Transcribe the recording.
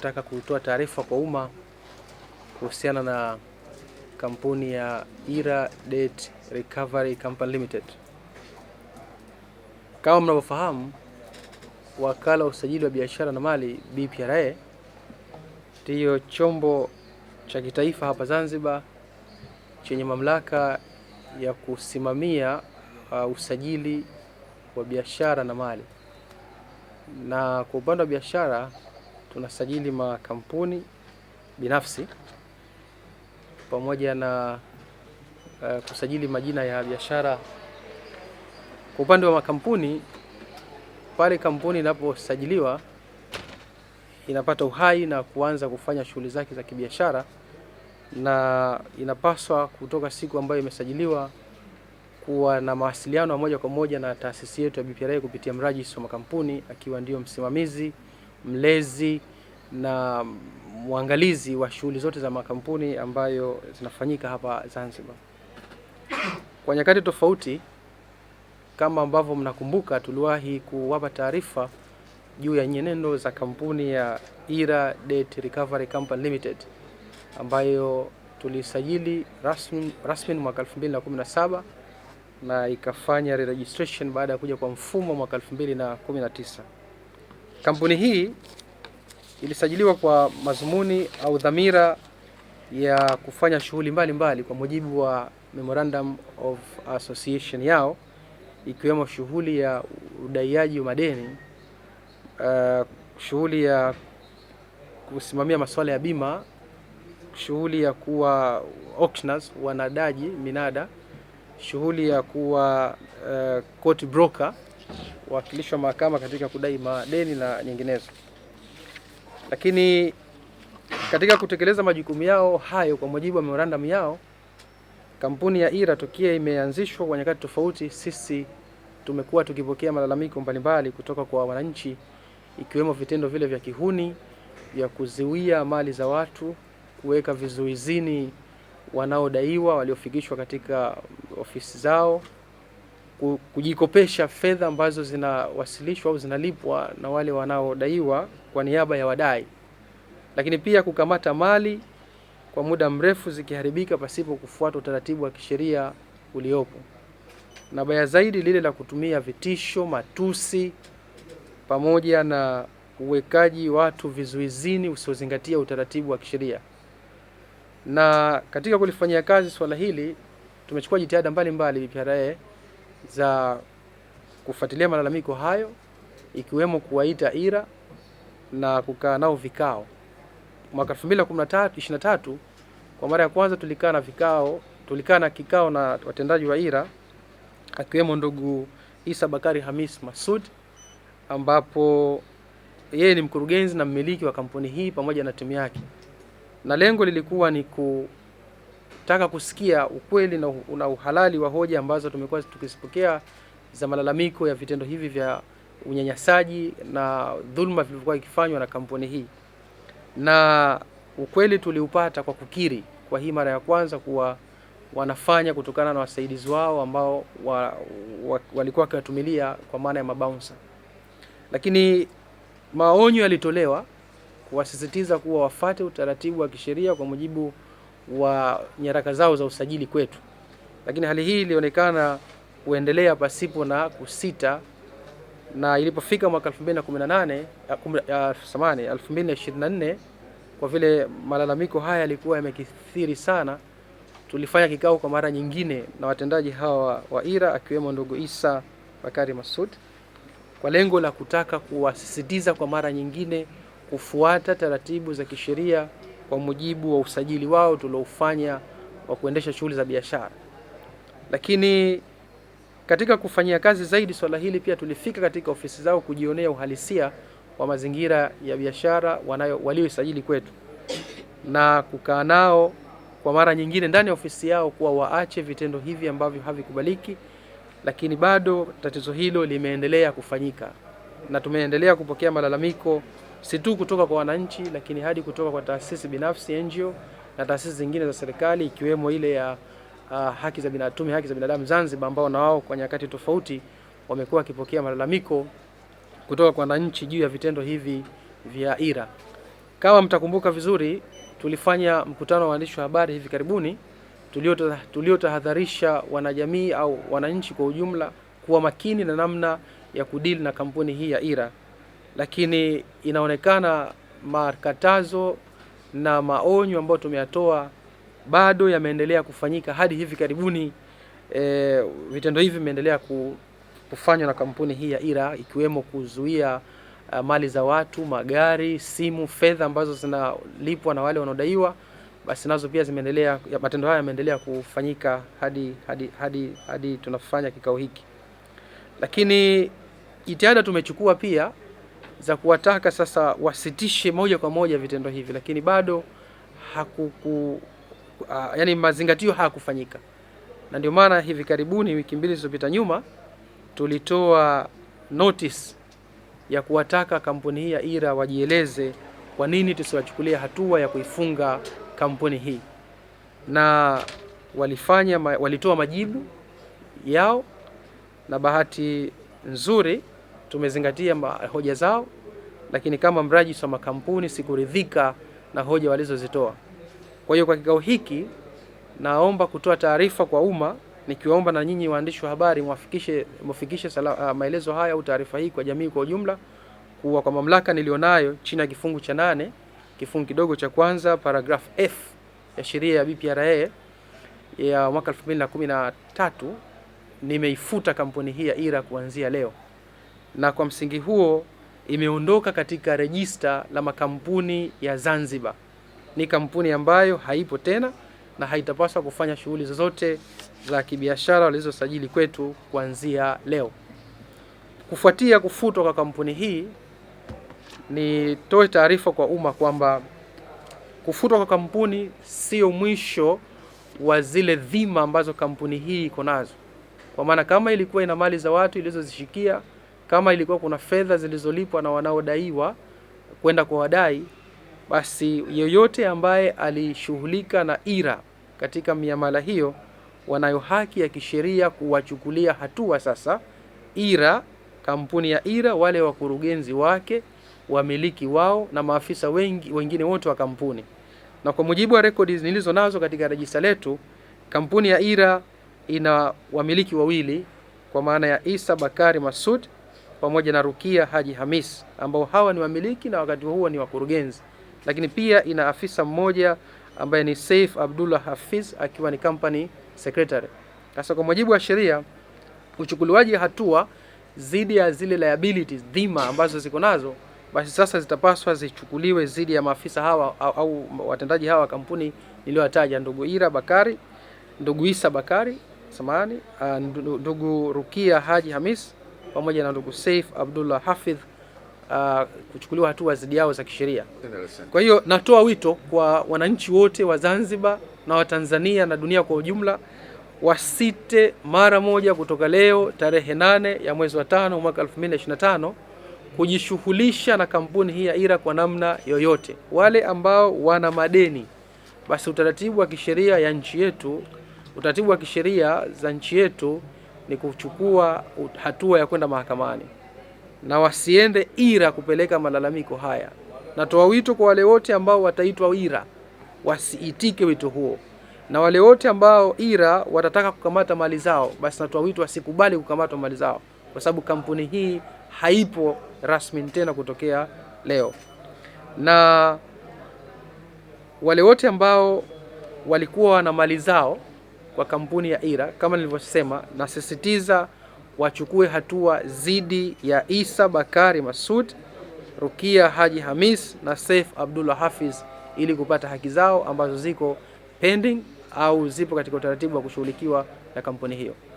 kutaka kutoa taarifa kwa umma kuhusiana na kampuni ya Ira Debt Recovery Company Limited. Kama mnavyofahamu, wakala wa usajili wa biashara na mali BPRA ndiyo chombo cha kitaifa hapa Zanzibar chenye mamlaka ya kusimamia uh, usajili wa biashara na mali, na kwa upande wa biashara tunasajili makampuni binafsi pamoja na uh, kusajili majina ya biashara. Kwa upande wa makampuni, pale kampuni inaposajiliwa inapata uhai na kuanza kufanya shughuli zake za kibiashara, na inapaswa kutoka siku ambayo imesajiliwa kuwa na mawasiliano moja kwa moja na taasisi yetu ya BPRA kupitia mrajisi wa makampuni akiwa ndio msimamizi mlezi na mwangalizi wa shughuli zote za makampuni ambayo zinafanyika hapa Zanzibar kwa nyakati tofauti. Kama ambavyo mnakumbuka, tuliwahi kuwapa taarifa juu ya nyenendo za kampuni ya Ira Debt Recovery Company Limited ambayo tulisajili rasmi, rasmi mwaka 2017 na ikafanya re-registration baada ya kuja kwa mfumo mwaka 2019. Kampuni hii ilisajiliwa kwa mazumuni au dhamira ya kufanya shughuli mbalimbali kwa mujibu wa memorandum of association yao ikiwemo shughuli ya udaiaji wa madeni, uh, shughuli ya kusimamia masuala ya bima, shughuli ya kuwa auctioneers wanadaji minada, shughuli ya kuwa uh, court broker wakilishwa mahakama katika kudai madeni na nyinginezo. Lakini katika kutekeleza majukumu yao hayo kwa mujibu wa memorandum yao, kampuni ya ira tokia imeanzishwa kwa nyakati tofauti, sisi tumekuwa tukipokea malalamiko mbalimbali kutoka kwa wananchi, ikiwemo vitendo vile vya kihuni vya kuziwia mali za watu, kuweka vizuizini wanaodaiwa waliofikishwa katika ofisi zao kujikopesha fedha ambazo zinawasilishwa au zinalipwa na wale wanaodaiwa kwa niaba ya wadai, lakini pia kukamata mali kwa muda mrefu zikiharibika pasipo kufuata utaratibu wa kisheria uliopo, na baya zaidi lile la kutumia vitisho, matusi pamoja na uwekaji watu vizuizini usiozingatia utaratibu wa kisheria. Na katika kulifanyia kazi swala hili tumechukua jitihada mbalimbali BPRA za kufuatilia malalamiko hayo ikiwemo kuwaita IRA na kukaa nao vikao. Mwaka 2023 kwa mara ya kwanza tulikaa na vikao, tulikaa na kikao na watendaji wa IRA akiwemo ndugu Isa Bakari Hamis Masud ambapo yeye ni mkurugenzi na mmiliki wa kampuni hii pamoja na timu yake, na lengo lilikuwa ni ku Tunataka kusikia ukweli na uhalali wa hoja ambazo tumekuwa tukizipokea za malalamiko ya vitendo hivi vya unyanyasaji na dhulma vilivyokuwa ikifanywa na kampuni hii, na ukweli tuliupata kwa kukiri kwa hii mara ya kwanza kuwa wanafanya kutokana na wasaidizi wao ambao wa, wa, wa, walikuwa wakiwatumilia kwa maana ya mabaunsa. Lakini maonyo yalitolewa kuwasisitiza kuwa wafate utaratibu wa kisheria kwa mujibu wa nyaraka zao za usajili kwetu, lakini hali hii ilionekana kuendelea pasipo na kusita, na ilipofika mwaka 2018 samani 2024, kwa vile malalamiko haya yalikuwa yamekithiri sana, tulifanya kikao kwa mara nyingine na watendaji hawa wa IRA akiwemo ndugu Isa Bakari Masud kwa lengo la kutaka kuwasisitiza kwa mara nyingine kufuata taratibu za kisheria kwa mujibu wa usajili wao tuliofanya wa kuendesha shughuli za biashara. Lakini katika kufanyia kazi zaidi swala hili, pia tulifika katika ofisi zao kujionea uhalisia wa mazingira ya biashara walioisajili kwetu na kukaa nao kwa mara nyingine ndani ya ofisi yao kuwa waache vitendo hivi ambavyo havikubaliki, lakini bado tatizo hilo limeendelea kufanyika na tumeendelea kupokea malalamiko si tu kutoka kwa wananchi, lakini hadi kutoka kwa taasisi binafsi NGO na taasisi zingine za serikali ikiwemo ile ya uh, haki za binadamu, haki za binadamu Zanzibar, ambao na wao kwa nyakati tofauti wamekuwa wakipokea malalamiko kutoka kwa wananchi juu ya vitendo hivi vya ira. Kama mtakumbuka vizuri, tulifanya mkutano wa waandishi wa habari hivi karibuni tuliotahadharisha wanajamii au wananchi kwa ujumla kuwa makini na namna ya kudili na kampuni hii ya ira lakini inaonekana makatazo na maonyo ambayo tumeyatoa bado yameendelea kufanyika hadi hivi karibuni. E, vitendo hivi vimeendelea kufanywa na kampuni hii ya IRA ikiwemo kuzuia uh, mali za watu, magari, simu, fedha ambazo zinalipwa na wale wanaodaiwa, basi nazo pia zimeendelea, matendo haya yameendelea kufanyika hadi, hadi, hadi, hadi tunafanya kikao hiki, lakini jitihada tumechukua pia za kuwataka sasa wasitishe moja kwa moja vitendo hivi, lakini bado hakuku uh, yani mazingatio hayakufanyika, na ndio maana hivi karibuni, wiki mbili zilizopita nyuma, tulitoa notice ya kuwataka kampuni hii ya Ira wajieleze kwa nini tusiwachukulia hatua ya kuifunga kampuni hii, na walifanya walitoa majibu yao, na bahati nzuri tumezingatia hoja zao, lakini kama mrajis wa makampuni sikuridhika na hoja walizozitoa. Kwa hiyo kwa kikao hiki naomba kutoa taarifa kwa umma nikiwaomba na nyinyi waandishi wa habari mwafikishe, mwafikishe sala, uh, maelezo haya au taarifa hii kwa jamii kwa ujumla, kuwa kwa mamlaka nilionayo chini ya kifungu cha nane kifungu kidogo cha kwanza paragraph F ya sheria ya BPRA ya mwaka 2013 nimeifuta kampuni hii ya IRA kuanzia leo na kwa msingi huo imeondoka katika rejista la makampuni ya Zanzibar. Ni kampuni ambayo haipo tena na haitapaswa kufanya shughuli zozote za kibiashara walizosajili kwetu kuanzia leo. Kufuatia kufutwa kwa kampuni hii, nitoe taarifa kwa umma kwamba kufutwa kwa kampuni sio mwisho wa zile dhima ambazo kampuni hii iko nazo, kwa maana kama ilikuwa ina mali za watu ilizozishikia kama ilikuwa kuna fedha zilizolipwa na wanaodaiwa kwenda kwa wadai, basi yoyote ambaye alishughulika na ira katika miamala hiyo wanayo haki ya kisheria kuwachukulia hatua sasa ira, kampuni ya ira, wale wakurugenzi wake, wamiliki wao na maafisa wengi, wengine wote wa kampuni. Na kwa mujibu wa rekodi nilizo nazo katika rejista letu, kampuni ya ira ina wamiliki wawili kwa maana ya Isa Bakari Masud pamoja na Rukia Haji Hamis ambao hawa ni wamiliki na wakati huo ni wakurugenzi, lakini pia ina afisa mmoja ambaye ni Saif Abdullah Hafiz akiwa ni company secretary. Sasa kwa mujibu wa sheria, uchukuliwaji hatua dhidi ya zile liabilities dhima ambazo ziko nazo, basi sasa zitapaswa zichukuliwe dhidi ya maafisa hawa au, au watendaji hawa wa kampuni niliyowataja, ndugu Ira Bakari, ndugu Isa Bakari samani, ah, ndugu Rukia Haji Hamis pamoja na ndugu Saif Abdullah Hafidh uh, kuchukuliwa hatua dhidi yao za kisheria. Kwa hiyo natoa wito kwa wananchi wote wa Zanzibar na Watanzania na dunia kwa ujumla wasite mara moja kutoka leo tarehe nane ya mwezi wa tano mwaka 2025 kujishughulisha na kampuni hii ya IRA kwa namna yoyote. Wale ambao wana madeni, basi utaratibu wa kisheria ya nchi yetu, utaratibu wa kisheria za nchi yetu ni kuchukua hatua ya kwenda mahakamani na wasiende Ira kupeleka malalamiko haya. Natoa wito kwa wale wote ambao wataitwa Ira wasiitike wito huo, na wale wote ambao Ira watataka kukamata mali zao, basi natoa wito wasikubali kukamatwa mali zao, kwa sababu kampuni hii haipo rasmi tena kutokea leo. Na wale wote ambao walikuwa wana mali zao kwa kampuni ya IRA kama nilivyosema, nasisitiza wachukue hatua dhidi ya Isa Bakari Masud, Rukia Haji Hamis na Saif Abdullah Hafiz ili kupata haki zao ambazo ziko pending au zipo katika utaratibu wa kushughulikiwa na kampuni hiyo.